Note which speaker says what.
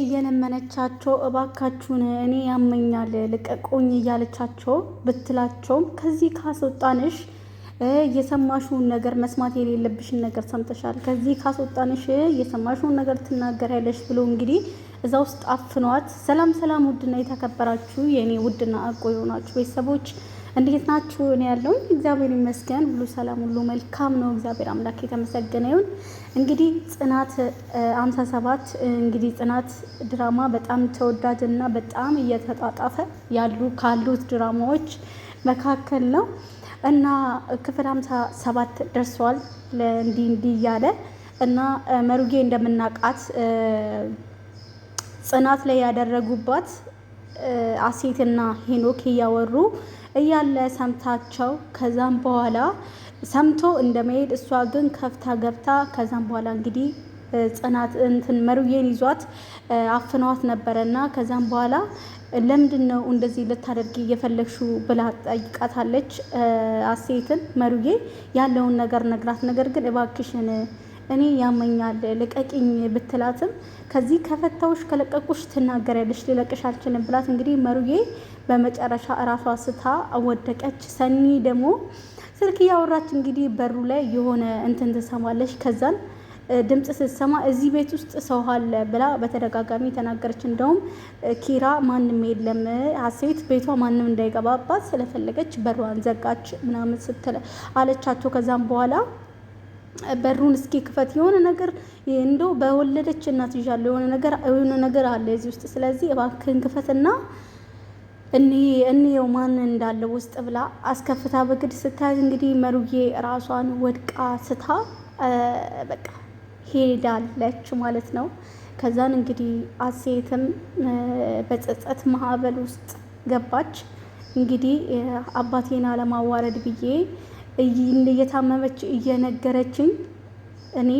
Speaker 1: እየለመነቻቸው እባካችሁን እኔ ያመኛል ልቀቁኝ እያለቻቸው ብትላቸውም ከዚህ ካስወጣንሽ የሰማሽውን ነገር መስማት የሌለብሽን ነገር ሰምተሻል፣ ከዚህ ካስወጣንሽ የሰማሽውን ነገር ትናገሪያለሽ ብሎ እንግዲህ እዛ ውስጥ አፍኗት። ሰላም ሰላም! ውድና የተከበራችሁ የእኔ ውድና አቆ የሆናችሁ ቤተሰቦች እንዴት ናችሁ? እኔ ያለውኝ እግዚአብሔር ይመስገን ሁሉ ሰላም፣ ሁሉ መልካም ነው። እግዚአብሔር አምላክ የተመሰገነ ይሁን። እንግዲህ ጽናት ሃምሳ ሰባት እንግዲህ ጽናት ድራማ በጣም ተወዳጅ እና በጣም እየተጣጣፈ ያሉ ካሉት ድራማዎች መካከል ነው እና ክፍል ሃምሳ ሰባት ደርሰዋል። እንዲህ እንዲህ እያለ እና መሩጌ እንደምናውቃት ጽናት ላይ ያደረጉባት አሴትና ሄኖክ እያወሩ እያለ ሰምታቸው ከዛም በኋላ ሰምቶ እንደ መሄድ እሷ ግን ከፍታ ገብታ ከዛም በኋላ እንግዲህ ጽናት እንትን መሩዬን ይዟት አፍነዋት ነበረና ከዛም በኋላ ለምንድን ነው እንደዚህ ልታደርጊ እየፈለግሹ ብላ ጠይቃታለች። አሴትን መሩዬ ያለውን ነገር ነግራት፣ ነገር ግን እባክሽን እኔ ያመኛል ልቀቂኝ ብትላትም ከዚህ ከፈታውሽ ከለቀቁሽ ትናገሪያለሽ ልለቅሽ አልችልም ብላት እንግዲህ መሩዬ በመጨረሻ እራሷ ስታ ወደቀች። ሰኒ ደግሞ ስልክ እያወራች እንግዲህ በሩ ላይ የሆነ እንትን ትሰማለች። ከዛን ድምፅ ስትሰማ እዚህ ቤት ውስጥ ሰው አለ ብላ በተደጋጋሚ ተናገረች። እንደውም ኪራ ማንም የለም ሀሴት ቤቷ ማንም እንዳይገባባት ስለፈለገች በሯን ዘጋች ምናምን ስትል አለቻቸው። ከዛም በኋላ በሩን እስኪ ክፈት፣ የሆነ ነገር እንደው በወለደች እናት ይዣለሁ የሆነ ነገር የሆነ ነገር አለ እዚህ ውስጥ። ስለዚህ እባክህን ክፈትና እንየው ማን እንዳለው ውስጥ ብላ አስከፍታ በግድ ስታያዝ እንግዲህ መሩዬ ራሷን ወድቃ ስታ በቃ ሄዳለች ማለት ነው። ከዛን እንግዲህ አሴትም በጸጸት ማዕበል ውስጥ ገባች። እንግዲህ አባቴን አለማዋረድ ብዬ እየታመመች እየነገረችኝ እኔ